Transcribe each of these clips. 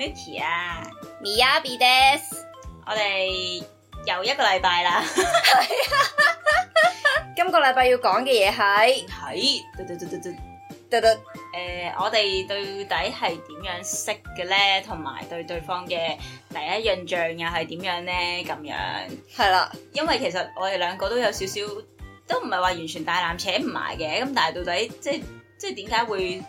Nicky 啊，Miyabi です我哋又一個禮拜啦。今個禮拜要講嘅嘢係係誒，我哋到底係點樣識嘅咧？同埋對對方嘅第一印象又係點樣咧？咁樣係啦、嗯，因為其實我哋兩個都有少少，都唔係話完全大纜扯唔埋嘅。咁但係到底即係即係點解會？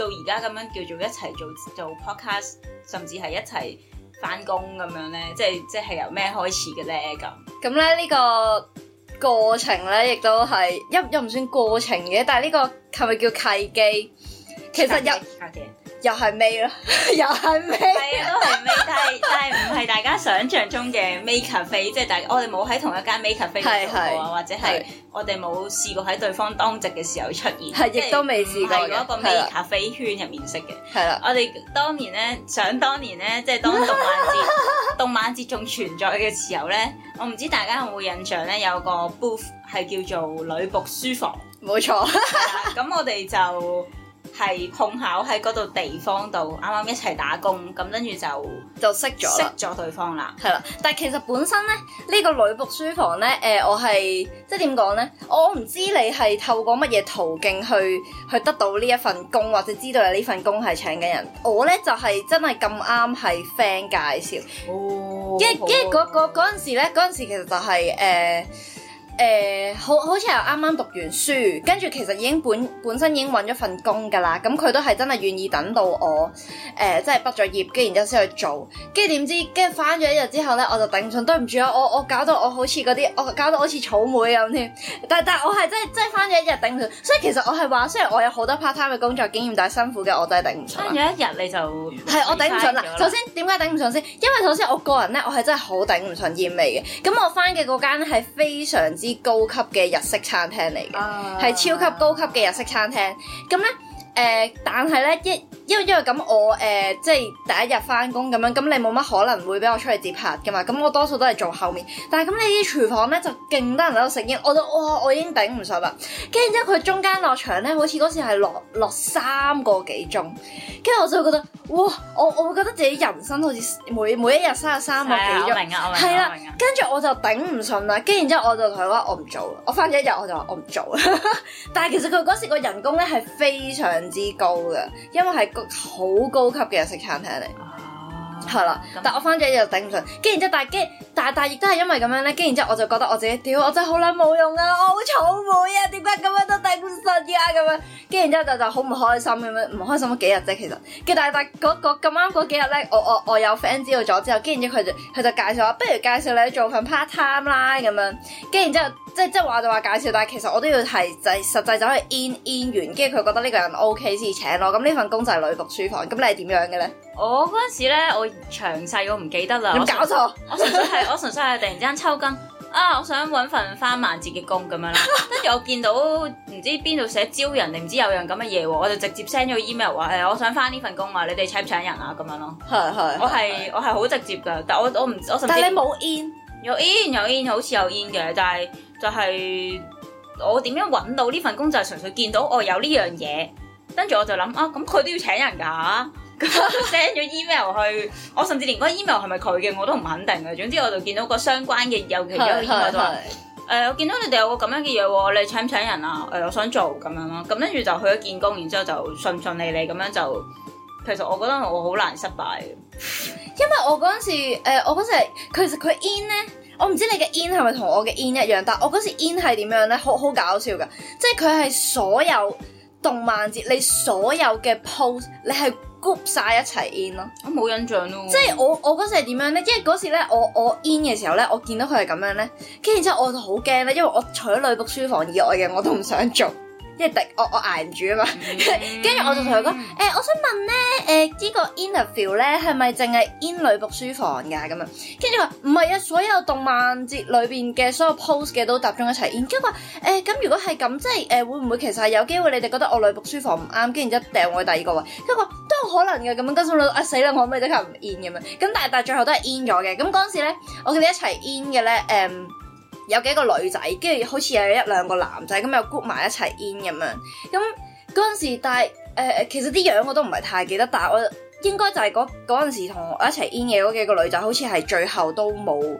到而家咁樣叫做一齊做做 podcast，甚至係一齊翻工咁樣咧，即係即係由咩開始嘅咧？咁咁咧呢個過程咧，亦都係一又唔算過程嘅，但係呢個係咪叫契機？其實有。又係味咯，又係味，都係味，但係但係唔係大家想象中嘅 may cafe，即係大我哋冇喺同一間 may cafe 度啊，或者係我哋冇試過喺對方當值嘅時候出現，係亦都未試過喺一個 may cafe 圈入面識嘅。係啦的，我哋當年咧，想當年咧，即係當動漫節、 動漫節仲存在嘅時候咧，我唔知大家有冇印象咧，有個 booth 係叫做女僕書房，冇沒錯。咁 我哋就。係碰巧喺嗰度地方度啱啱一齊打工，咁跟住就就識咗識咗對方啦。係啦，但係其實本身咧，呢個女僕書房咧，誒，我係即係點講咧？我唔知你係透過乜嘢途徑去去得到呢一份工，或者知道有呢份工係請緊人。我咧就係真係咁啱係 friend 介紹。哦，跟跟嗰嗰嗰陣時咧，嗰陣時其實就係誒。誒、呃、好好似係啱啱讀完書，跟住其實已經本本身已經揾咗份工㗎啦。咁佢都係真係願意等到我誒、呃，即係畢咗業，跟住然之後先去做。跟住點知，跟住翻咗一日之後呢，我就頂唔順，對唔住啊！我我搞到我好似嗰啲，我搞到好似草莓咁添。但但我係真真係翻咗一日頂唔順，所以其實我係話，雖然我有好多 part time 嘅工作經驗，但係辛苦嘅我都係頂唔順。有一日你就係我頂唔順啦。首先點解頂唔順先？因為首先我個人呢，我係真係好頂唔順煙味嘅。咁我翻嘅嗰間係非常之。高級嘅日式餐廳嚟嘅，係、uh、超級高級嘅日式餐廳，咁呢？誒、呃，但係咧，一因為因為咁我誒、呃，即係第一日翻工，咁樣，咁你冇乜可能會俾我出去自拍噶嘛？咁我多數都係做後面，但係咁你啲廚房咧就勁多人喺度食煙，我都哇、哦，我已經頂唔順啦。跟住之後佢中間落場咧，好似嗰時係落落三個幾鐘，跟住我就覺得哇，我我會覺得自己人生好似每每一日三咗三個幾鐘，欸、明係啦，跟住、啊、我，我就頂唔順啦。跟住之後我就同佢話我唔做，我翻咗一日我就話我唔做。 但係其實佢嗰時個人工咧係非常。之高嘅，因為係高好高級嘅日式餐廳嚟，啊。係啦、嗯嗎，但我翻咗一日頂唔順，跟住然之後但係但係亦都係因為咁樣咧，跟住然之後我就覺得我自己屌，我真係好卵冇用啊，我好草莓啊，點解咁樣都頂唔順啊，咁樣，跟住然之後就就好唔開心咁樣，唔開心咗幾日啫，其實，跟住但係但係嗰個咁啱嗰幾日咧，我我我有 friend 知道咗之後，跟住然之後佢就佢就介紹我， 不如介紹你做份 part time 啦，咁樣，跟住然之後即即係話就話介紹，但係其實我都要係即、就係、實際走去 in in 完，跟住佢覺得呢個人 O K 先請我，咁呢份工就係女僕書房，咁你係點樣嘅咧？我嗰陣時咧，我詳細我唔記得啦。有搞錯？我純粹係，我純粹係突然之間抽筋啊！我想搵份翻萬捷嘅工咁樣啦。跟住我見到唔知邊度寫招人定唔知有人咁嘅嘢，我就直接 send 咗 email 話誒，我想翻呢份工啊，你哋請唔請人啊？咁樣咯。係係，我係我係好直接噶，但我我唔我。但係你冇 in 有 in 有 in，好似有 in 嘅，但係就係我點樣搵到呢份工就係純粹見到我有呢樣嘢，跟住我就諗啊，咁佢都要請人噶。send 咗 email 去，我甚至連嗰 email 係咪佢嘅我都唔肯定嘅。總之我就見到個相關嘅有其他 email 就話、 欸，我見到你哋有個咁樣嘅嘢喎，你請唔請人啊？誒、欸、我想做咁樣咯。咁跟住就去咗見工，然之後就順順利利咁樣就，其實我覺得我好難失敗 因為我嗰陣時、呃、我嗰陣時，其實佢 in 呢，我唔知你嘅 in 係咪同我嘅 in 一樣，但係我嗰時 in 係點樣呢？好好搞笑嘅，即係佢係所有動漫節，你所有嘅 post 你係。group 曬一齊 in 咯，啊啊，我冇印象咯。即係我我嗰時係點樣咧？因為嗰時咧，我我 in 嘅時候咧，我見到佢係咁樣咧，跟住之後我就好驚咧，因為我除咗女僕書房以外嘅我都唔想做。即係我我捱唔住啊嘛，跟住我就同佢講，誒、mm hmm. 欸、我想問咧，誒、欸這個、呢個 interview 咧係咪淨係 in 女僕書房㗎咁啊？跟住話唔係啊，所有動漫節裏邊嘅所有 post 嘅都集中一齊 in。跟住話誒咁如果係咁，即係誒、欸、會唔會其實係有機會你哋覺得我女僕書房唔啱，跟住然之後掟我去第二個位。跟住話都有可能㗎，咁樣跟住我話啊死啦，我可唔可以即刻唔 in 咁樣？咁但係但係最後都係 in 咗嘅。咁嗰陣時咧，我見你一齊 in 嘅咧誒。嗯有幾個女仔，跟住好似有一兩個男仔咁又谷埋一齊 in 咁樣。咁嗰陣時，但係誒誒，其實啲樣我都唔係太記得，但係我應該就係嗰嗰陣時同我一齊 in 嘅嗰幾個女仔，好似係最後都冇誒、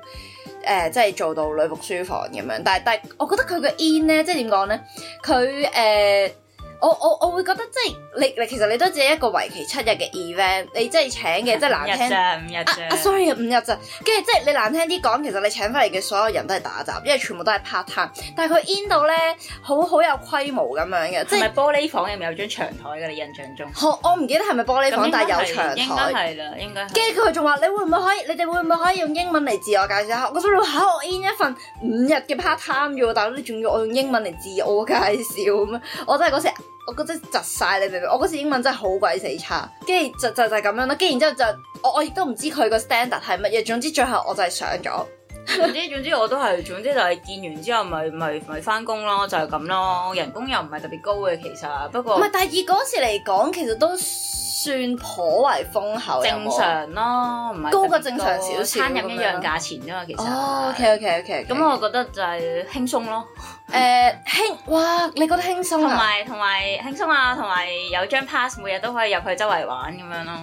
呃，即係做到女僕書房咁樣。但係但係，我覺得佢嘅 in 咧，即係點講咧，佢、呃、誒。我我我會覺得即係你你其實你都只係一個為期七日嘅 event，你即係請嘅即係難聽。五日五日啊，啊 sorry 五日咋？跟住即係你難聽啲講，其實你請翻嚟嘅所有人都係打雜，因為全部都係 part time。但係佢 in 到咧，好好有規模咁樣嘅，即係玻璃房入面有，有張長台嘅，你印象中。好、哦，我唔記得係咪玻璃房，但係有長台。應啦，應該跟住佢仲話：你會唔會可以？你哋會唔會可以用英文嚟自我，我介紹下？我心諗嚇，我 in 一份五日嘅 part time 啫喎，大佬你仲要我用英文嚟自我，我介紹咩？我真係嗰.我覺得窒晒你明唔明？我嗰時英文真係好鬼死差，跟住就就就係咁樣啦。跟住然之後就，就，就，就，就，就我我亦都唔知佢個 standard 係乜嘢。總之最後我就係上咗。 總之我都係，總之就係見完之後咪咪翻工咯，就係咁咯，人工又唔係特別高嘅其實，不過唔係第二嗰時嚟講，其實都算頗為豐厚有冇正常咯，唔係高過正常少少，餐飲一樣價錢啫嘛，哦、其實哦，OK OK OK，咁、okay、我覺得就係輕鬆咯，誒輕哇你覺得輕鬆同埋同埋輕鬆啊，同埋有張、啊、pass，每日都可以入去周圍玩咁樣咯。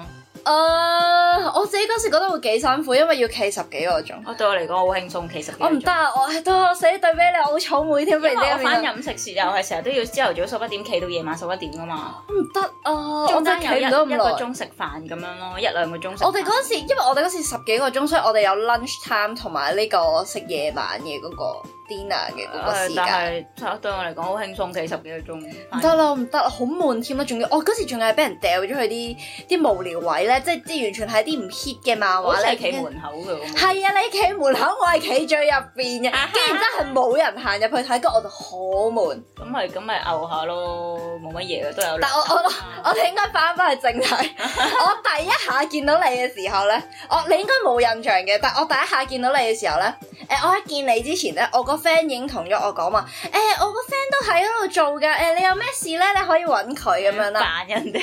啊！Uh, 我自己嗰時覺得會幾辛苦，因為要企十幾個鐘、oh。我對我嚟講好輕鬆，企十幾個鐘。我唔得啊！我係多死對比你，我好草妹添，我返飲食時間 我係成日都要朝頭早十一點企到夜晚十一點噶嘛。唔得啊！中間我到有一一個鐘食飯咁樣咯，一兩個鐘食。我哋嗰時因為我哋嗰時十幾個鐘，所以我哋有 lunch time 同埋呢個食夜晚嘅嗰、嗰個。癲啊嘅嗰個時間，對我嚟講好輕鬆，幾十幾個鐘。唔得啦，唔得好悶添啦，仲、啊、要我嗰、哦、時仲係俾人掉咗去啲啲無聊位咧，即係啲完全係啲唔 hit 嘅漫畫咧。企門口噶，係看啊，你企門口， 我係企最入邊嘅，既然真係冇人行入去睇，咁我就好悶。咁咪咁咪牛下咯，冇乜嘢都有。但係我我我應該翻翻去正題。 我第一下見到你嘅時候咧，我你應該冇印象嘅，但係我第一下見到你嘅時候咧，誒、欸，我喺見你之前咧，我、那個 friend 已經同咗我講嘛，誒、欸，我個 friend 都喺嗰度做㗎，誒、欸，你有咩事咧？你可以搵佢咁樣啦。扮人哋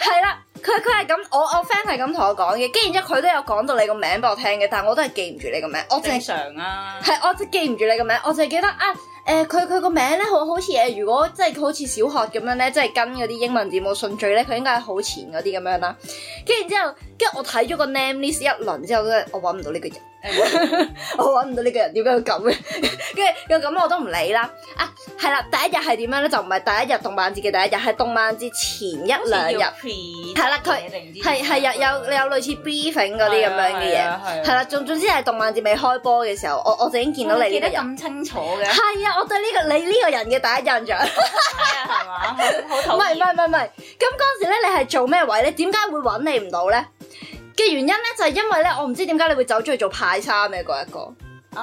係啦，佢佢係咁，我我 friend 係咁同我講嘅，跟然之後佢都有講到你個名俾我聽嘅，但我都係記唔住你個名。我正常啊，係，我記唔住你個名，我淨係記得啊，誒、欸，佢佢個名咧，好好似誒，如果即係好似小學咁樣咧，即係跟嗰啲英文字母順序咧，佢應該係好前嗰啲咁樣啦。跟然之後，跟住我睇咗個 name list 一輪之後咧，都係我搵唔到呢個人。 我搵唔到呢個人，會 點解會咁嘅，跟住又咁我都唔理啦。啊，係啦，第一日係點樣咧？就唔係第一日動漫節嘅第一日，係動漫節前一兩日，係啦，佢係係有有有類似 b i n g 嗰啲咁樣嘅嘢，係啦、啊啊啊啊啊，總總之係動漫節未開波嘅時候，我我就已經見到你，記得咁清楚嘅，係 啊，我對呢、這個你呢個人嘅第一印象係嘛、 啊，好討厭，唔係唔係唔係，咁嗰時咧你係做咩位咧？點解會搵你唔到咧？嘅原因咧，就係、是、因為咧，我唔知點解你會走出去做派衫嘅嗰一個。哦、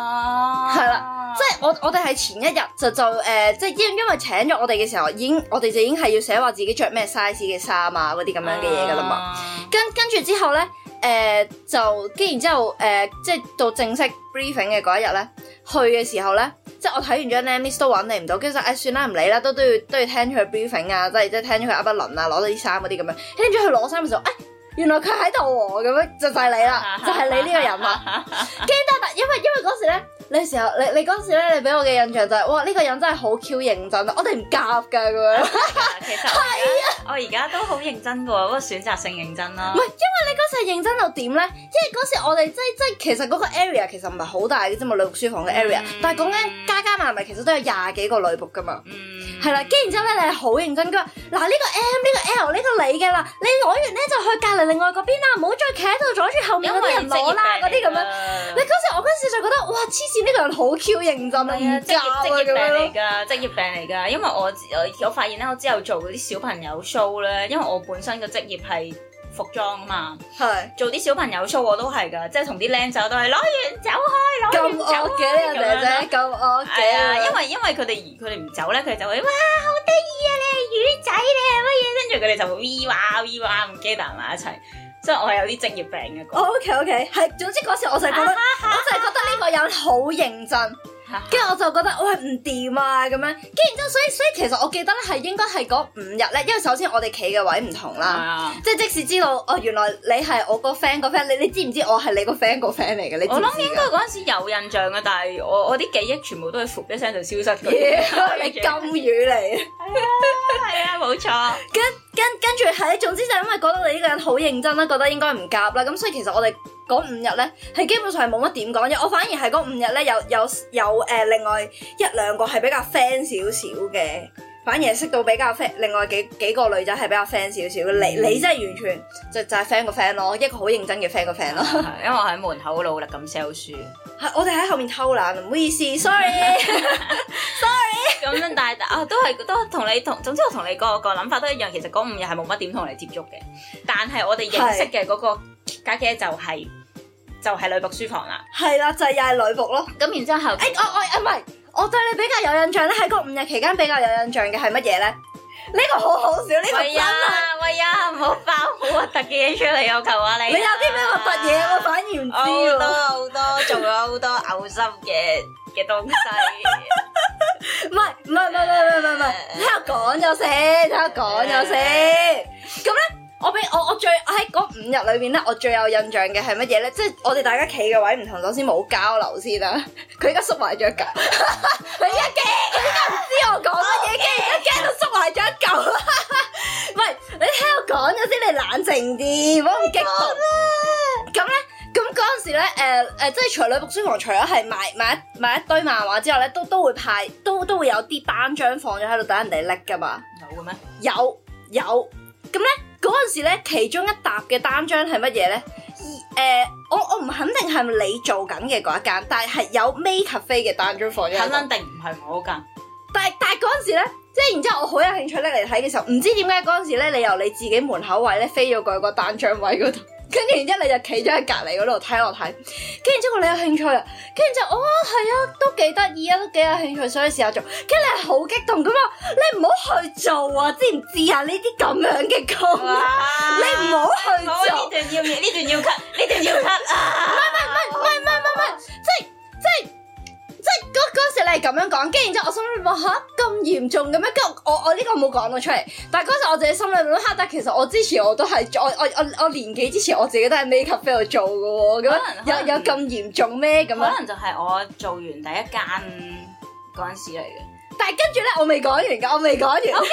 啊，係啦，即係我我哋係前一日就就誒、呃，即係因因為請咗我哋嘅時候，已經我哋就已經係要寫話自己着咩 size 嘅衫啊，嗰啲咁樣嘅嘢噶啦嘛。啊、跟跟住之後咧，誒、呃、就跟然之後誒、呃，即係到正式 briefing 嘅嗰一日咧，去嘅時候咧，即係我睇完咗呢 miss 都揾你唔到，跟住就誒、哎、算啦，唔理啦，都都要都要聽咗佢 briefing 啊，即係即係聽咗佢阿不倫啊，攞咗啲衫嗰啲咁樣，聽住佢攞衫嘅時候，誒。欸欸欸原來佢喺度喎，咁樣就你 就係你啦，就係你呢個人啦。記得， 因為因為嗰時咧，你時候你你嗰時咧，你俾我嘅印象就係、是，哇！呢、這個人真係好 Q 認真啊，我哋唔夾㗎咁樣。係 是啊，我而家都好認真㗎喎，不過選擇性認真啦，唔係，因為你嗰時認真到點咧？因為嗰時我哋即即其實嗰個 area 其實唔係好大嘅啫嘛，女僕書房嘅 area、嗯、但係講緊加加埋埋其實都有廿幾個女僕㗎嘛。嗯係啦，跟住然之後咧，這個，你係好認真，㗎嗱呢個 M 呢個 L 呢個你嘅啦，你攞完咧就去隔離另外嗰邊啦，唔好再企喺度阻住後面嗰啲人攞啦嗰啲咁樣。嗯、你嗰時我嗰時就覺得哇，黐線呢個人好 Q 認真啊，職、嗯、誒業職業病嚟㗎，職樣業病嚟㗎，因為我我我發現咧，我之後做嗰啲小朋友 show 咧，因為我本身嘅職業係。服裝啊嘛，係是做啲小朋友 show 我都係噶，即係同啲靚仔都係攞完走開，攞完走開咁惡嘅人哋咧，咁我嘅。啊，因為因為佢哋佢哋唔走咧，佢哋就會哇好得意啊咧，你魚仔你係乜嘢？跟住佢哋就 v 哇 v 哇咁 gather 埋一齊，所以我係有啲職業病嘅。O K O K 係，總之嗰時我就覺得， 我就係覺得呢個人好認真。跟住 我就覺得我係唔掂啊咁樣，跟住之後所以所以其實我記得咧係應該係嗰五日咧，因為首先我哋企嘅位唔同啦， 即係即使知道哦，原來你係我個 friend 個 friend，你你知唔知我係你個 friend 個 friend 嚟嘅？你知唔知我諗應該嗰陣時有印象嘅，但係我我啲記憶全部都係噗一聲就消失咗。Yeah, 你金魚嚟？係啊，冇錯，啊。 跟跟住係，總之就因為覺得你呢個人好認真啦，覺得應該唔夾啦，咁所以其實我哋嗰五日咧係基本上係冇乜點講嘢。我反而係嗰五日咧有有有誒、呃、另外一兩個係比較 friend 少少嘅。反而識到比較 friend，另外幾幾個女仔係比較 friend 少少。你你真係完全就就係 friend 個 friend 咯，一個好認真嘅 friend 個 friend 咯。因為我喺門口嗰度咁 sell 書。我哋喺後面偷懶，唔好意思，sorry，sorry。咁樣，但係啊，都係都同你同，總之我同你個個諗法都一樣。其實嗰五日係冇乜點同你接觸嘅，但係我哋認識嘅嗰個家姐就係就係女僕書房啦。係啦，就係又係女僕咯。咁然之後，誒我我啊唔係。我對你比較有印象咧，喺個五日期間比較有印象嘅係乜嘢咧？呢、呢個好好笑，呢個、哎、呀真、哎、啊！喂呀，唔好爆好核突嘅嘢出嚟啊！我求下你，你有啲咩核突嘢？我反而唔知、啊。好多好多做咗好多嘔心嘅嘅東西。唔係唔係唔係唔係唔係唔係，等我講咗先，等我講咗先。咁咧？嗯我俾我我最喺嗰五日裏邊咧，我最有印象嘅係乜嘢咧？即係我哋大家企嘅位唔同，首先冇交流先啦，啊。佢而家縮埋咗一嚿記，你一驚，佢而家唔知我講乜嘢嘅，一驚到縮埋咗一嚿啦。唔係，你聽我講咗先，你冷靜啲，唔好咁激動。咁咧，咁嗰陣時咧，誒、呃、誒、呃，即係除女讀書房除咗係賣賣一賣一堆漫畫之外咧，都都會派，都都會有啲單張放咗喺度等人哋拎噶嘛。有嘅咩？有有，咁咧。嗰陣時咧，其中一沓嘅單張係乜嘢咧？誒、呃，我我唔肯定係咪你做緊嘅嗰一間，但係有 make cafe 嘅單張房。肯定唔係我間。但係但係嗰陣時咧，即係然之後我好有興趣咧嚟睇嘅時候，唔知點解嗰陣時咧，你由你自己門口位咧飛咗過去個單張位嗰度。跟住，然之後你就企咗喺隔籬嗰度睇我睇，跟住之後你有興趣啊，跟住就哦係啊，都幾得意啊，都幾有興趣，所以試下做。跟住你好激動咁話，你唔好去做啊，知唔知啊？呢啲咁樣嘅工啊，哇你唔好去做。呢段要，呢段要 cut，呢段要 cut。唔唔唔唔唔唔唔，即係。即係嗰嗰時你係咁樣講，跟住然之後我心裏面話吓，咁嚴重嘅咩？跟住我我呢個冇講到出嚟，但係嗰時我自己心裏面都吓。但其實我之前我都係我我我我年幾之前我自己都喺 make up f e 度做嘅喎，咁能有有咁嚴重咩？咁樣、嗯、可能就係我做完第一間嗰時嚟嘅。但係跟住咧，我未講完嘅，我未講完。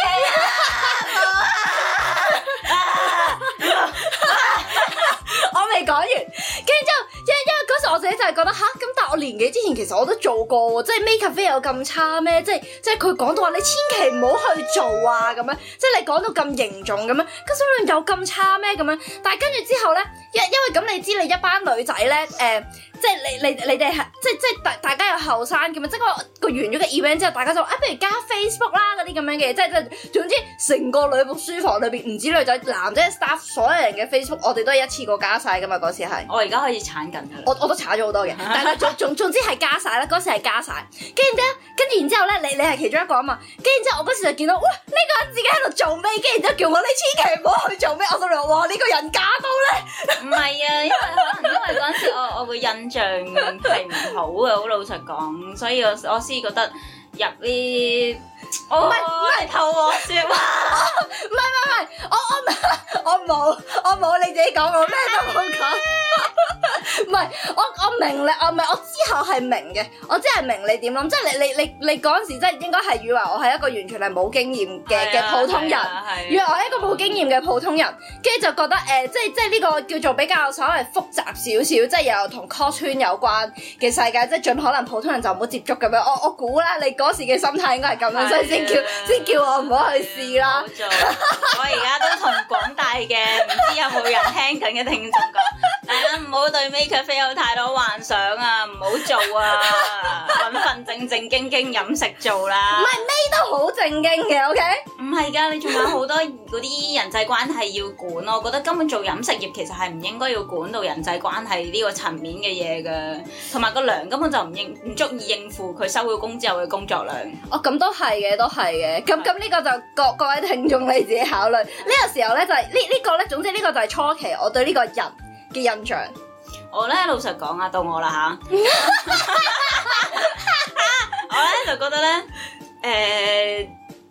我未講完，跟住之後，因為因為嗰時我自己就係覺得吓，咁但係我年紀之前其實我都做過喎，即係 makeup feel 有咁差咩？即係即係佢講到話你千祈唔好去做啊咁樣，即係你講到咁凝重咁樣，跟住有咁差咩咁樣？但係跟住之後咧，因為因為咁你知你一班女仔咧，誒。呃即係你你你哋係即係即係大大家有後生嘅嘛？即係個完咗個 event 之後，大家就啊，不如加 Facebook 啦嗰啲咁樣嘅，即係即係總之成個女部書房裏邊唔止女仔男仔 staff 所有人嘅 Facebook，我哋都係一次過加晒噶嘛嗰時係。我而家開始鏟緊啦，我我都鏟咗好多嘅，但係總總之係加晒啦，嗰時係加晒。跟住咧，跟住然之後咧，你你係其中一個啊嘛，跟住然之後我嗰時就見到哇呢個人自己喺度做咩？跟住然之後叫我你千祈唔好去做咩，我我話哇呢個人假到咧。唔係啊，因為可能因為嗰陣時我我個印 我。像係唔好嘅，好老實講，ality, 所以我我先覺得入啲，oh, oh、我唔係，我係偷唔係唔係唔係，我我我冇我冇你自己講，我咩都冇講。唔係， 我我明你，我唔係我之後係明嘅，我真係明你點諗，即係你你你你嗰時真係應該係以為我係一個完全係冇經驗嘅嘅普通人，啊啊、以為我係一個冇經驗嘅普通人，跟住、啊啊、就覺得誒、欸，即係即係呢個叫做比較所謂複雜少少，即係又同 cos 圈有關嘅世界，即係盡可能普通人就唔好接觸咁樣。我我估啦，你嗰時嘅心態應該係咁樣，所以先叫先、啊、叫我唔好去試啦。我而家都同廣大嘅唔 知有冇人聽緊嘅聽眾講。 唔好 對 makeup 有太多幻想啊！唔好做啊，搵 份正正經經飲食做啦。唔係 make 都好正經嘅，OK？唔係噶，你仲有好多嗰啲人際關係要管咯。我覺得根本做飲食業其實係唔應該要管到人際關係呢個層面嘅嘢噶，同埋個糧根本就唔應唔足以應付佢收咗工之後嘅工作量。哦，咁都係嘅，都係嘅。咁咁呢個就各各位聽眾你自己考慮。呢的個時候咧就係呢呢個咧，總之呢個就係初期、這個、初期我對呢個人嘅印象，我咧老實講啊，到我啦吓， 我咧就覺得咧，誒、呃，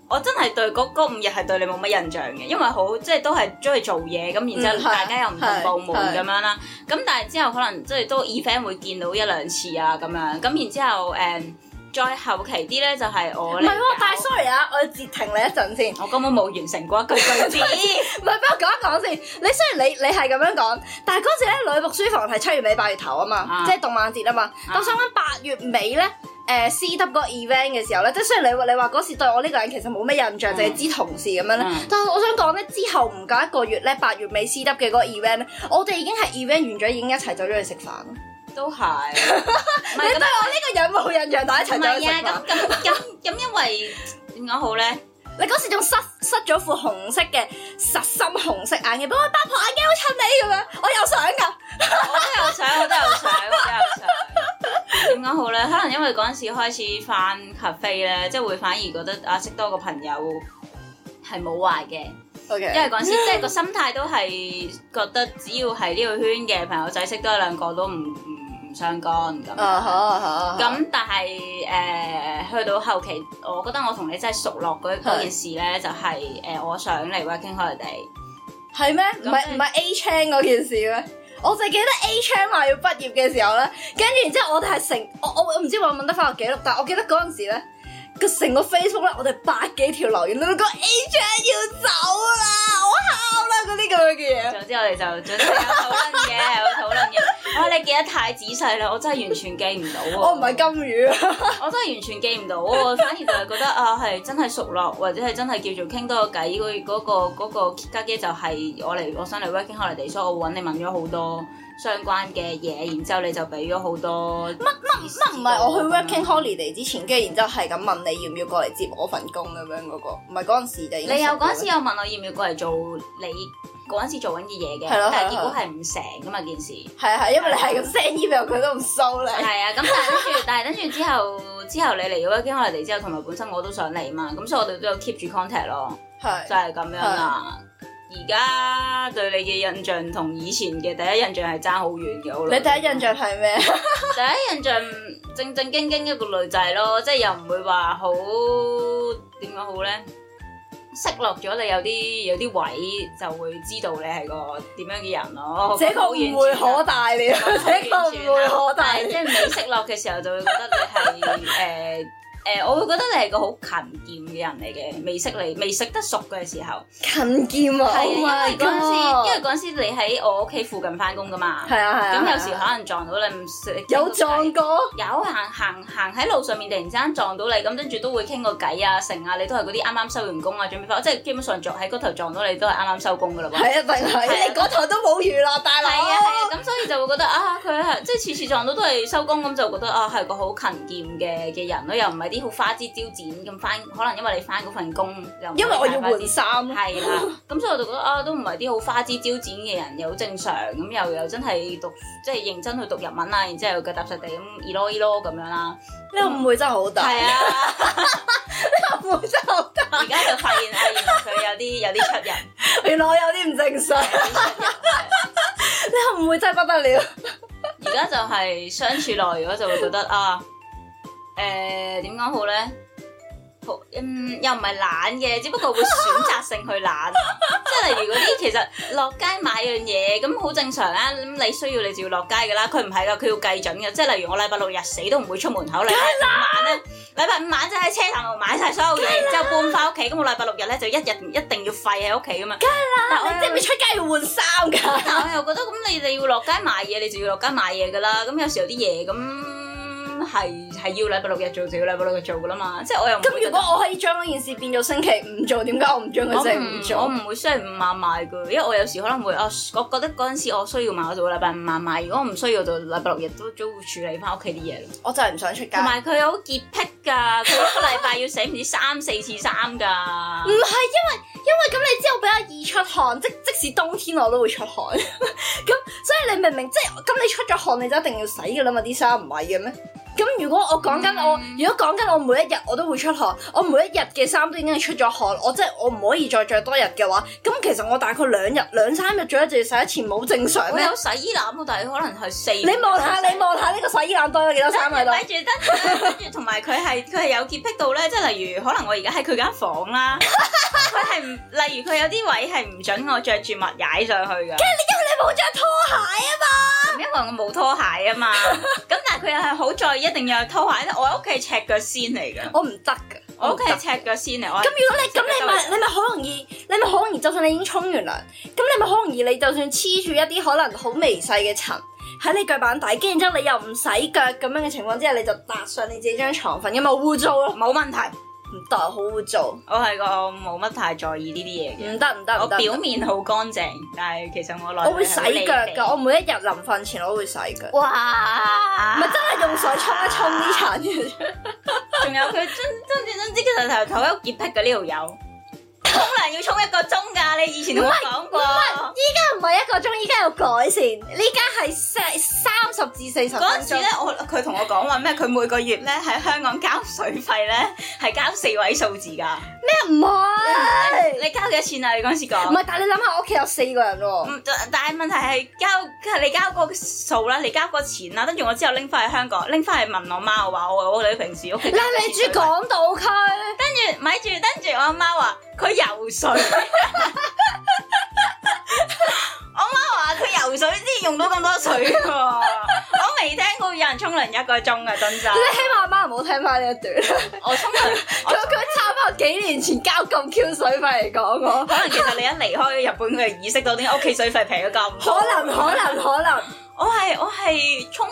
我真係對嗰五日係對你冇乜印象嘅，因為好即係都係中意做嘢咁，然之後大家又唔同部門咁、嗯、樣啦，咁但係之後可能即係都 event 會見到一兩次啊咁樣，咁然之後誒、呃再後期啲咧，就係我唔係喎，但係 sorry 啊，我要截停你一陣先。我根本冇完成過一個句子。 唔係，俾我講一講先。你雖然你你係咁樣講，但係嗰時咧，女僕書房係七月尾八月頭啊嘛，啊即係動漫節啊嘛。啊但我想講八月尾咧，誒、呃、C W 個 event 嘅時候咧，即係雖然你你話嗰時對我呢個人其實冇咩印象，淨係、嗯、知同事咁樣咧。嗯、但係我想講咧，之後唔夠一個月咧，八月尾 C W 嘅嗰 event 咧，我哋已經係 event 完咗，已經一齊走咗去食飯。都係，唔係，你對我呢個樣冇印象，但係一齊咁。唔係啊，咁咁咁咁，因為點講好咧？你嗰時仲塞塞咗副紅色嘅實心紅色眼鏡俾我，八婆眼鏡好襯你咁樣，我有想噶，我都有想，我都有想，我都有想。點講好咧？可能因為嗰陣時開始翻咖啡咧，即係會反而覺得啊，識多個朋友係冇壞嘅。O K，因為嗰時即係個心態都係覺得，只要係呢個圈嘅朋友仔識多一兩個都唔。唔相干咁，咁、uh, huh, huh, huh, huh. 但係誒、呃，去到後期，我覺得我同你真係熟落嗰 件事咧，就係、是、誒、呃，我想嚟 working holiday，係咩那？唔係唔係 A chan 嗰件事咩？我就記得 A chan 話要畢業嘅時候咧，跟住然之後我哋係成我我唔知我問得翻個記錄，但係我記得嗰陣時咧個成個 Facebook 咧，我哋百幾條留言你都講 A chan 要走啦，我喊啦嗰啲咁樣嘅嘢。總之我哋就準備有討論嘅， 有討論嘅。哇、啊！你記得太仔細啦，我真係完全記唔到，我唔係金魚、啊，我真係完全記唔到喎。 我反而就係覺得啊，係真係熟落，或者係真係叫做傾多、嗰個偈。佢、嗰、嗰個嗰、嗰個家姐、嗰個嗰個、就係我嚟，我想嚟 working holiday，所以我揾你問咗好多相關嘅嘢，然之後你就俾咗好多。乜乜乜唔係？我去 working holiday 之前，跟住然之後係咁問你要唔要過嚟接我份工咁樣嗰個，唔係嗰陣時就。你有嗰陣時有問我要唔要過嚟做你？嗰陣時做緊嘅嘢嘅，的但係結果係唔成噶嘛件事。係啊係，的的因為你係咁聲 email 佢都唔收你。係啊，咁但係跟住，但係跟住之後，之後你嚟咗，北京，我嚟之後，同埋本身我都想嚟嘛，咁所以我哋都有 keep 住 contact 咯。係的就係咁樣啦、啊。而家的對你嘅印象同以前嘅第一印象係爭好遠嘅，你第一印象係咩？ 第一印象正正經經一個女仔咯，即係又唔會話好點樣好咧。識落咗你有啲有啲位就會知道你係個點樣嘅人咯，這個誤會可大你了，這個誤會可大，即係你識 落嘅時候就會覺得你係誒。 呃誒、呃，我會覺得你係個好勤儉嘅人嚟嘅。未識你，未識得熟嘅時候，勤儉啊，啊，因為嗰陣時，因為嗰陣時你喺我屋企附近翻工噶嘛。係啊係。咁、啊、有時可能撞到你唔識有撞過，有行行行喺路上面突然之間撞到你，咁跟住都會傾個偈啊，成啊，你都係嗰啲啱啱收完工啊，準備翻，即係基本上撞喺嗰頭撞到你都係啱啱收工㗎啦喎。係啊，係啊，啊你嗰頭都冇娛樂大樓。係啊，咁、啊、所以就會覺得啊，佢係即係次次撞到都係收工，咁就覺得啊係個好勤儉嘅嘅人咯，又唔係。啲好花枝招展咁翻，可能因為你翻嗰份工，又因為我要換衫，係啦，咁 所以我就覺得啊，都唔係啲好花枝招展嘅人，又好正常咁，又又真係讀即係、就是、認真去讀日文、嗯嗯嗯、啊，然之後腳踏實地咁，依攞依攞咁樣啦，呢個誤會真係好大，係啊，呢個誤會真係好大。而家就發現啊，佢 有啲有啲出入， 原來我有啲唔正常。你個誤會真係不得了。而家就係相處耐咗就會覺得啊。誒，點講、呃、好咧？嗯，又唔係懶嘅，只不過會選擇性去懶， 即係例如嗰啲其實落街買樣嘢咁好正常啊。咁你需要你就要落街噶啦。佢唔係噶，佢要計準嘅。即係例如我禮拜六日死都唔會出門口。嚟，係拜五晚咧，禮拜五晚就喺車站度買晒所有嘢，之後搬翻屋企。咁我禮拜六日咧就一日一定要廢喺屋企噶嘛。梗係啦，我即係要出街要換衫噶。我又覺得咁 你哋要落街買嘢，你就要落街買嘢噶啦。咁有時候啲嘢咁。係係要禮拜六日做就要禮拜六日做噶啦嘛，即係我又咁，如果我可以將嗰件事變做星期五做，點解我唔將佢成唔做？我唔會星期五買賣噶，因為我有時可能會啊，我覺得嗰陣時我需要買，我就禮拜五買賣，如果唔需要就禮拜六日都都會處理翻屋企啲嘢。我就係唔想出街。同埋佢好潔癖㗎，佢 一個禮拜要洗唔知三四次衫㗎。唔係 因為因為咁，你知道我比較易出汗，即即使冬天我都會出汗。咁 所以你明明即係咁，你出咗汗你就一定要洗㗎啦嘛，啲衫唔係嘅咩？咁、嗯、如果我講緊我，如果講緊我每一日我都會出汗，我每一日嘅衫都已經係出咗汗，我即係我唔可以再着多日嘅話，咁其實我大概兩日兩三日着一次洗一次，冇正常。我有洗衣籃，但係可能係四。你看看。你望下，你望下呢個洗衣籃多咗幾多衫喺度。跟住同埋佢係佢係有潔癖度咧，即係 例如可能我而家喺佢間房啦，佢係唔例如佢有啲位係唔準我着住襪踩上去嘅。 冇着拖鞋啊嘛，因為我冇拖鞋啊嘛。咁 但係佢又係好在一定要有拖鞋，我喺屋企赤腳先嚟嘅，我唔得噶，我屋企赤腳先嚟。咁如果你咁你咪你咪好容易，你咪好容易，就算你已經沖完涼，咁你咪好容易，你就算黐住一啲可能好微細嘅塵喺你腳板底，跟住之後你又唔洗腳咁樣嘅情況之下，你就搭上你自己張床瞓，咁咪污糟咯，冇問題。唔得，好污糟。我係個冇乜太在意呢啲嘢嘅。唔得唔得，我表面好乾淨，但係其實我內面好污糟。我會洗腳噶。我，我每一日臨瞓前我都會洗腳。哇！唔係、啊、真係用水沖一沖啲塵嘅啫。仲有佢真真正真知，其實係同一屋潔癖嘅呢度有。沖涼 要沖一個鐘噶你以前都冇講過。依家唔係一個鐘，依家有改善，呢家係三十至四十分鐘咧。我佢同我講話咩？佢每個月咧喺香港交水費咧，係交四位數字噶。咩唔係？你交幾多錢啊？你嗰時講唔係，但你諗下我屋企有四個人喎，啊。但係問題係交你交個數啦，你交個錢啦。跟住我之後拎翻去香港，拎翻去問我媽，我話我我哋平時屋企，但你住港島區。跟住咪住，跟住我阿媽話。佢游水， 我媽話佢游水先用到咁多水喎， 我未聽過有人沖涼一個鐘嘅真真。等等，你希望阿媽唔好聽翻呢一段 我。我沖涼，佢差唔多幾年前交咁 Q 水費嚟講，我可能其實你一離開日本，佢意識到啲屋企水費平咗咁可能可能可能，可能可能我係我係沖。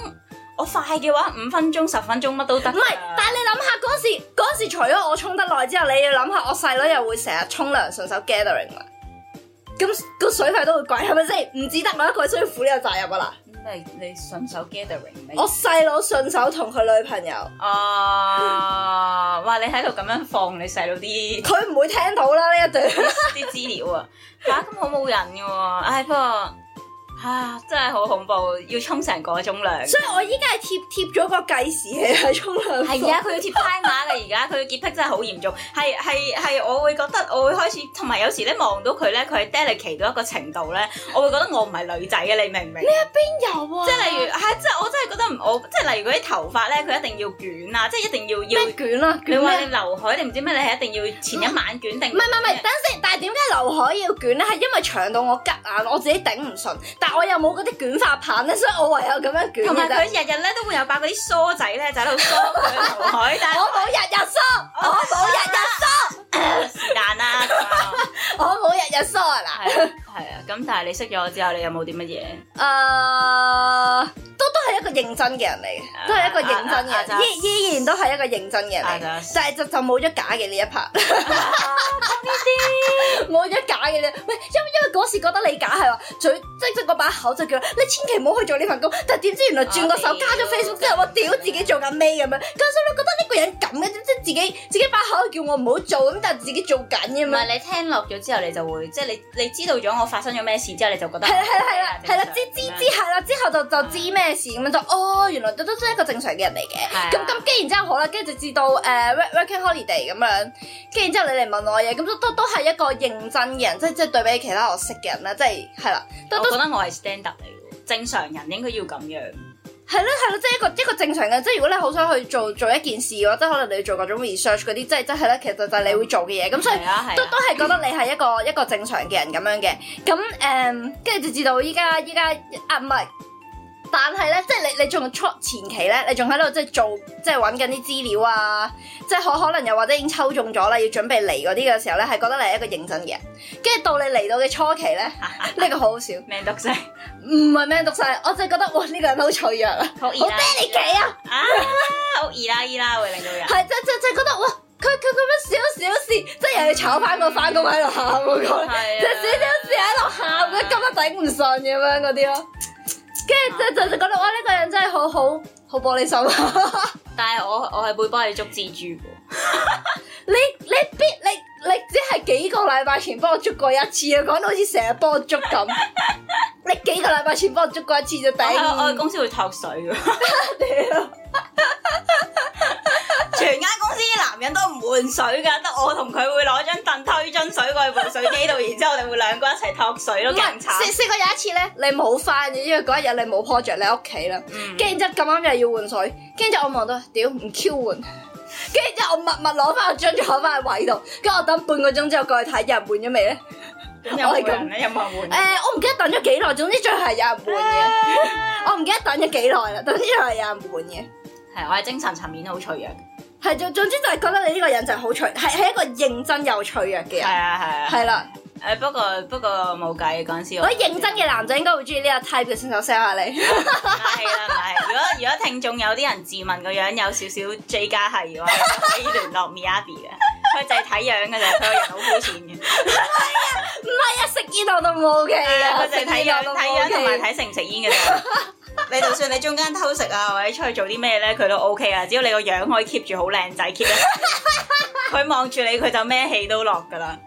我快嘅話五分鐘十分鐘乜都得，唔係，但係你諗下嗰時嗰時除咗我沖得耐之後，你要諗下我細佬又會成日沖涼順手 gathering 嘛？咁個水費都會貴係咪先？即係唔止得我一個需要負呢個責任噶啦，因你順手 gathering，我細佬順手同佢女朋友，啊，uh, 哇！你喺度咁樣放你細佬啲，佢唔 會聽到啦呢一段啲資料啊，吓 咁 好冇人嘅喎，哎呀～啊！真係好恐怖，要沖成個鐘涼。所以我依家係貼貼咗個計時器喺沖涼。係啊，佢 要貼批碼嘅而家，佢嘅 潔癖真係好嚴重。係係係，我會覺得我會開始，同埋有時咧望到佢咧，佢係 delicate 到一個程度咧，我會覺得我唔係女仔嘅，你明唔明？你一邊有啊。即係例如係，即係 我真係覺得唔好。即係例如嗰啲頭髮咧，佢一定要捲啊，即係一定要要捲啦、啊。你話你留海定唔知咩？你係一定要前一晚捲定？唔係唔係唔係等先。但係點解留海要捲咧？係因為長到我吉啊，我自己頂唔順。我又冇嗰啲卷髮棒咧，所以我唯有咁樣捲咋。同埋佢日日咧都會有把嗰啲梳仔咧就喺度梳劉海，但係我冇日日梳，我冇日日梳，時間啦，我冇日日梳嗱，係啊，咁但係你識咗我之後，你有冇啲乜嘢？誒，都都係一個認真嘅人嚟嘅，都係一個認真嘅人，依依然都係一個認真嘅人嚟，但係就就冇咗假嘅呢一 part。啲我一假嘅啫，喂，因因為嗰時覺得你假係話，嘴即即嗰把口就叫你千祈唔好去做呢份工，但點知原來轉個手 okay, 加咗 Facebook 之後，我屌、okay, 自己做緊咩咁樣，加上你覺得呢個人咁嘅，即即自己自己把口叫我唔好做，咁但自己做緊嘅嘛，唔係你聽落咗之後，你就會、嗯、即你你知道咗我發生咗咩事之後，你就覺得係啦係啦係啦係啦，知知知係啦，之後就就知咩事咁樣、嗯、就哦，原來都都一個正常嘅人嚟嘅，咁咁、啊，跟然之後好啦，跟住直至到誒 working、uh, Holiday 咁樣，跟然之後你嚟問我嘢，咁都。都係一個認真嘅人，即係即係對比起其他我識嘅人咧，即係係啦。都覺得我係 standard 嚟嘅，正常人應該要咁樣。係咧係咯，即係一個一個正常嘅，即係如果你好想去做做一件事嘅話，即係可能你要做各種 research 嗰啲，即係即係咧，其實就係你會做嘅嘢。咁、嗯、所以都都係覺得你係一個 一個正常嘅人咁樣嘅。咁誒，跟住就至到依家依家啊，唔係。 但係咧，即係你你仲初前期咧，你仲喺度即係做，即係搵緊啲資料啊！即係可可能又或者已經抽中咗啦，要準備嚟嗰啲嘅時候咧，係覺得你係一個認真嘅。跟住到你嚟到嘅初期咧，呢個好好笑。命讀晒，唔係命讀晒，我真係覺得哇，呢個人好脆弱啊，好嗲你企啊，好二啦二啦會令到人係即即即覺得哇，佢佢咁樣少少事，即係又要炒翻個翻工喺度喊，佢即係少少事喺度喊，佢急得頂唔順咁樣嗰啲咯。跟住就就就覺得哇！呢、呢個人真係好好好玻璃心， 但係我我係會幫你捉蜘蛛嘅。 你必你必你你只係幾個禮拜前幫我捉過一次啊，講到好似成日幫我捉咁。 你幾個禮拜前幫我捉過一次就第一個。公司會託水嘅。屌。全間公司啲男人都唔換水噶，得我同佢會攞張凳推樽水過去換水機度，然之後我哋會兩個一齊托水咯。勁慘！試試過有一次咧，你冇返，因為嗰一日你冇 project，你喺屋企啦。嗯。跟然之後咁啱又要換水，跟然之後我望到屌唔 Q 換，跟然之後我默默攞翻個樽坐翻喺位度，跟住我等半個鐘之後過去睇有人換咗未咧？有冇人換？有冇人換？誒，我唔記得等咗幾耐，總之最後係有人換嘅。我唔記得等咗幾耐啦，總之係有人換嘅。係，我係精神層面好脆弱。係，總總之就係覺得你呢個人就係好脆，係係一個認真又脆弱嘅人。係啊係啊。係啦、啊，誒、啊、不過不過冇計，講笑，嗰陣時我認真嘅男仔應該會中意呢個 type 先手 sell 下你、 啊。係啦係，如果如果聽眾有啲人自問個樣有少少 J 加係嘅話，可以聯絡 Miyabi 嘅，佢就係睇樣嘅啫，佢個人好膚淺嘅。唔係啊，食煙我都冇 OK 嘅，佢就係睇樣睇樣同埋睇食唔食煙嘅。 你就算你中間偷食啊，或者出去做啲咩咧，佢都 OK 啊，只要你個樣可以 keep 住好靚仔，keep 住，佢望住你，佢就咩氣都落噶啦。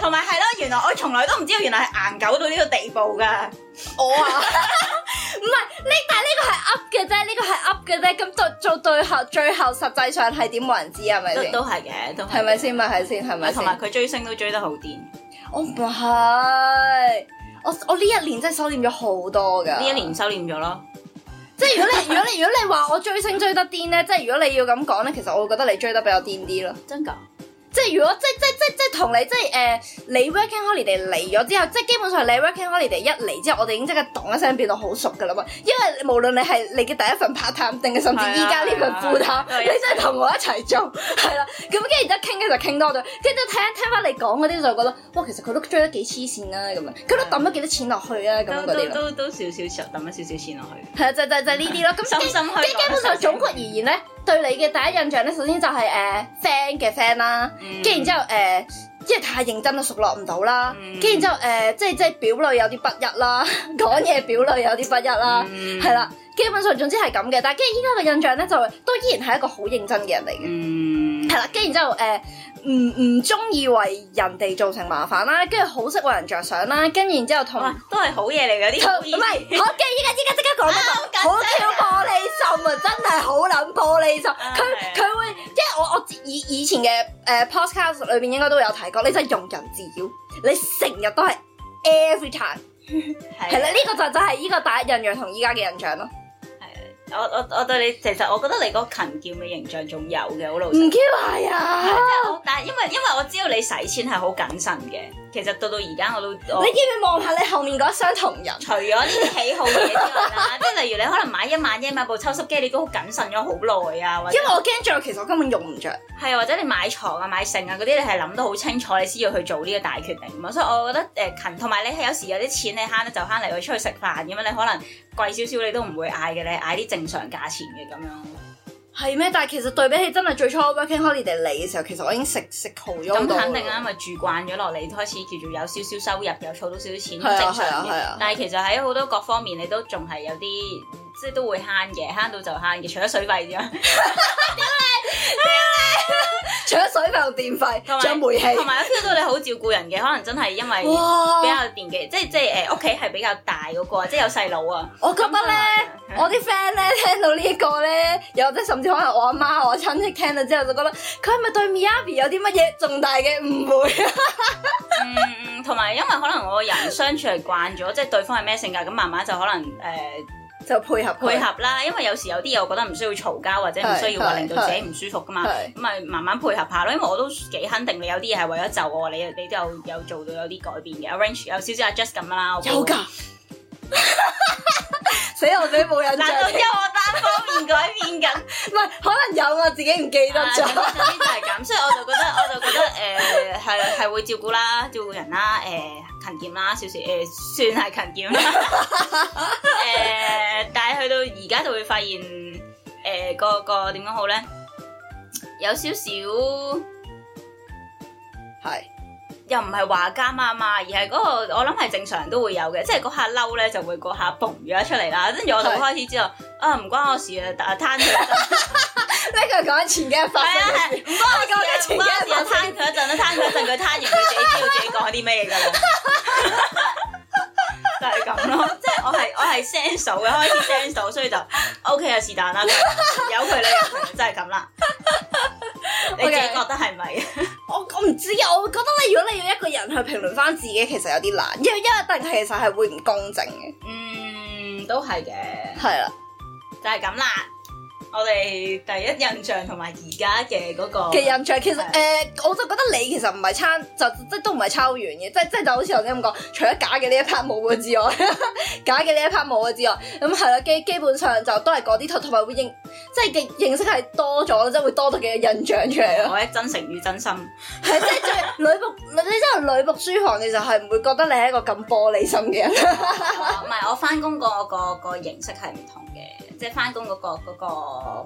同埋係咯，原來我從來都唔知道，原來係硬狗到呢個地步噶。我啊， 唔係呢，但係呢個係 up 嘅啫，呢、呢個係 up 嘅啫。咁做做對合，最後實際上係點，冇人知啊，係咪先？都都係嘅，都係。係咪先？咪係先？係咪先？同埋佢追星都追得好癲 oh。唔係。我我呢一年真係收斂咗好多噶，呢一年收斂咗咯。即係如果你 如果你如果你話我追星追得癲咧，即係如果你要咁講咧，其實我會覺得你追得比較癲啲咯。真噶。即係如果即係即係即係即係同你即係誒，你 working holiday 嚟咗之後，即係基本上你 working holiday，一嚟之後，我哋已經即刻噹一聲變到好熟噶啦噃，因為無論你係你嘅第一份 part time，定係甚至依家呢份 full time 你真係同我一齊做，係啦，咁跟住之後傾嘅就傾多咗，跟住聽聽翻你講嗰啲就覺得，哇，其實佢都追得幾黐線啦。」咁啊，佢都抌咗幾多錢落去啊，咁嗰啲。都都少少少抌咗少少錢落去。係啊，就就就呢啲咯。咁即係即係基本上總括而言咧。對你嘅第一印象咧，首先就係誒 friend 嘅 friend 啦，跟然之後誒，即係太認真啦，熟落唔到啦，跟然之後誒，即係即係表裏有啲不一啦，講嘢表裏有啲不一啦，係啦，基本上總之係咁嘅。但係跟住依家嘅印象咧，就都依然係一個好認真嘅人嚟嘅，係啦。跟然之後誒，唔唔中意為人哋造成麻煩啦，跟住好識為人着想啦，跟然之後同都係好嘢嚟嘅啲，唔係。好嘅，依家依家即刻講得好跳過你。 我真係好撚玻璃心，佢佢， 會即係我我以以前嘅誒、呃、p o s t c a r d 裏邊應該都有提過，你真係庸人自擾，你成日都係 e v e r y t i m e 係啦，呢 的 個就就係呢個第一印象同依家嘅印象咯。係，我我我對你，其實我覺得你個勤儉嘅形象仲有嘅，好老實。唔 Q 係啊，但係因為因為我知道你使錢係好謹慎嘅。其實到到而家我都，我你記唔記望下你後面嗰一箱同人？除咗呢啲喜好嘅嘢之外啦，即係 例如你可能買一萬一買部抽濕機，你都好謹慎咗好耐啊。因為我驚著，其實我根本用唔著。係啊，或者你買床啊買剩啊嗰啲，你係諗得好清楚，你先要去做呢個大決定嘛。所以我覺得誒、呃、勤，同埋你係有時有啲錢你慳得就慳嚟去出去食飯咁樣，你可能貴少少你都唔會嗌嘅，你嗌啲正常價錢嘅咁樣。係咩？但係其實對比起真係最初 working holiday 嚟嘅時候，其實我已經食食好咗。咁肯定啊，因為住慣咗落嚟，開始叫做有少少收入，有儲到少少錢，啊、正常嘅。啊啊啊、但係其實喺好多各方面，你都仲係有啲，即係都會慳嘅，慳到就慳嘅，除咗水費咁 除咗水費同電費，仲有煤氣，同埋我聽到你好照顧人嘅。 可能真係因為比較年嘅哇，即係即係誒屋企係比較大嗰個，嗯、即係有細佬啊。我覺得咧，嗯、我啲 friend 咧聽到呢一個咧，或者甚至可能我阿媽，媽我親戚聽到之後就覺得佢係咪對 Miyabi 有啲乜嘢重大嘅誤會啊？ 嗯，同埋因為可能我人相處係慣咗，即係對方係咩性格，咁慢慢就可能誒。呃就配合配合，配合啦，因為有時有啲嘢我覺得唔需要嘈交，或者唔需要話令到自己唔舒服噶嘛，咁咪慢慢配合下咯。因為我都幾肯定你有啲嘢係為咗就我，你你都有有做到有啲改變嘅 arrange 有少少 adjust 咁樣啦，有㗎。死我死冇印象，但因為我單方面改變緊， 唔係可能有我自己唔記得咗呢就情感，所以我就覺得 我就覺得誒係係會照顧啦，照顧人啦，誒、呃、勤儉啦，少少誒、呃、算係勤儉啦、 呃，誒但係去到而家就會發現誒、呃、個個點樣好咧，有少少係。又唔係話家媽媽，而係嗰、嗰個我諗係正常人都會有嘅，即係嗰下嬲咧就會嗰下崩咗出嚟啦。跟住我就開始知道是啊，唔關我事啊，攤佢啦。呢、這個講前嘅發生，唔、啊、關我講嘅前嘅事啊，攤佢一陣啦，攤佢一陣佢攤完佢自己知道自己講啲咩嘢㗎啦，嗯、 就係咁咯。即係我係我係 sense 嘅，開始 sense，所以就 OK 啊，是但啦，有佢咧就真係咁啦。 你自己覺得係咪？ 我唔知啊，我覺得你如果你要一個人去評論翻自己，其實有啲難，因因為一定係其實係會唔公正嘅。嗯，都係嘅，係啊的，就係咁啦。我哋第一印象同埋而家嘅嗰個嘅印象，其實誒、嗯呃、我就覺得你其實唔係差就即係都唔係差好遠嘅，即係即係就好似頭先咁講，除咗假嘅呢一 part 冇嘅之外， 假嘅呢一 part 冇嘅之外，咁係啦，基基本上就都係嗰啲同同埋會認，即係嘅認識係多咗，即係會多到多幾多印象出嚟咯。我一、哦、 真誠與真心。係。 即女讀書行，你就係唔會覺得你係一個咁玻璃心嘅人。唔 係、啊啊啊啊，我翻工、嗰個、嗰個、嗰個形式係唔同嘅，即係翻工嗰個個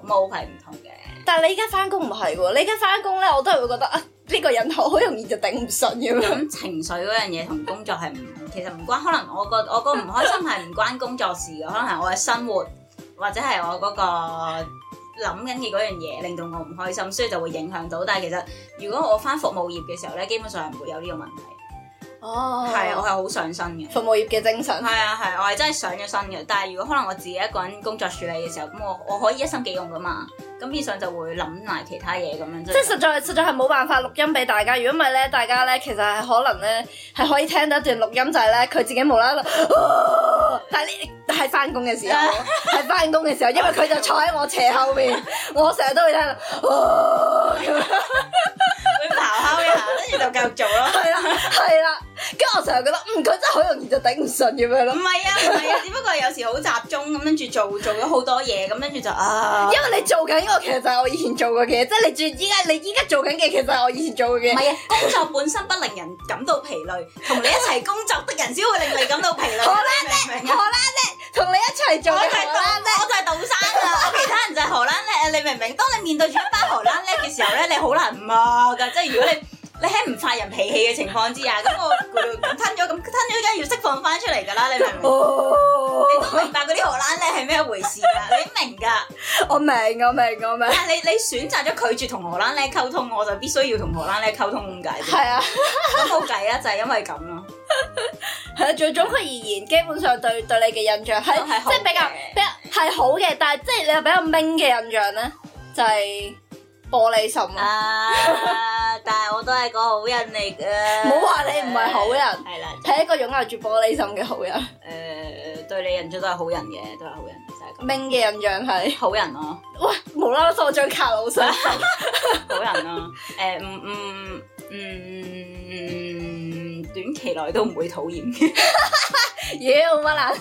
mood 係唔同嘅。但係你而家翻工唔係喎，你而家翻工咧，我都係會覺得啊，呢、呢個人好容易就頂唔順咁樣。 情緒嗰樣嘢同工作係唔，其實唔關。可能我個我個唔開心係唔關工作事嘅，可能係我嘅生活或者係我嗰、嗰個。諗緊嘅嗰樣嘢令到我唔開心，所以就會影響到。但係其實如果我返服務業嘅時候咧，基本上係唔會有呢個問題。哦，係啊，我係好上心嘅。服務業嘅精神係啊係，我係真係上咗身嘅。但係如果可能我自己一個人工作處理嘅時候，咁我我可以一心幾用㗎嘛。咁以上就會諗埋其他嘢咁樣，即係實在實在係冇辦法錄音俾大家。如果唔係咧，大家咧其實係可能咧係可以聽到一段錄音，就係咧佢自己無啦啦，但係係翻工嘅時候，係翻工嘅時候，因為佢就坐喺我斜後面，我成日都會聽到，佢咁咆哮一下，跟住就繼續做咯，係啦，係啦，跟住我成日覺得，嗯，佢真係好容易就頂唔順咁樣咯。唔係啊，唔係啊，只不過係有時好集中咁跟住做，做咗好多嘢咁，跟住就啊，因為你做緊。其實就係我以前做過嘅，即係你住依家，你依家做緊嘅，其實係我以前做嘅。唔係啊， 工作本身不令人感到疲累，同你一齊工作的人先會令你感到疲累。荷蘭叻，荷蘭叻，同你一齊做嘅係我就係杜生啊！我其他人就係荷蘭叻， 你明唔明？當你面對住一班荷蘭叻嘅時候咧，你好難唔啊噶， 即係如果你。你喺唔發人脾氣嘅情況之下，咁我 吞咗，咁吞咗梗係要釋放翻出嚟㗎啦，你明唔明？你都明白嗰啲荷蘭咧係咩回事啦，你明㗎？我明，我明，我明。但係你你選擇咗拒絕同荷蘭咧溝通，我就必須要同荷蘭咧溝通咁解啫。係是啊，咁冇計啊，就係、是、因為咁咯、啊。係 啊，最總括而言，基本上對對你嘅印象係好，即係比較比較係好嘅，但係即係你有比較明嘅印象咧、就是，就係。玻璃心啊！但係我都係個好人嚟嘅，冇話你唔係好人。係啦，係一個擁有住玻璃心嘅好人。誒，對你印象都係好人嘅，都係好人，就係咁。明嘅印象係好人咯。喂，無啦啦，坐張卡樓上。好人咯，誒，唔唔唔唔，短期內都唔會討厭嘅。咦，好乜啦？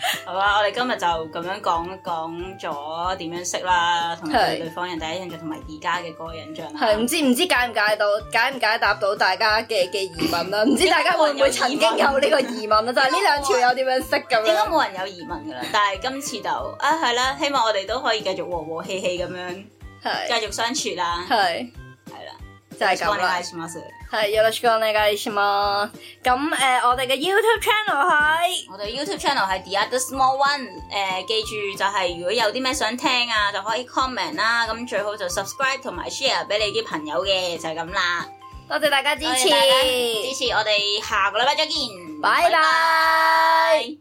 好啦、啊，我哋今日就咁樣講一講咗點樣識啦，同埋對方人第一印象，同埋而家嘅嗰個印象。係唔知唔知解唔解到，解唔解答到大家嘅嘅疑問啦、啊？唔 知大家會唔會曾經有呢個疑問啊？ 就係呢兩條友點樣識咁？應該冇人有疑問噶啦，但係今次就 啊係啦，希望我哋都可以繼續和和氣氣咁樣，係繼續相處啦，係係是是啦。就係咁啦！係。咁、呃、我哋嘅 YouTube channel 係我哋 YouTube channel 係 The Small One。誒、呃，記住就係如果有啲咩想聽啊，就可以 comment 啦、啊。咁最好就 subscribe 同埋 share 俾你啲朋友嘅，就係咁啦。多謝大家支持，支持我哋下個禮拜再見，拜拜 bye。Bye bye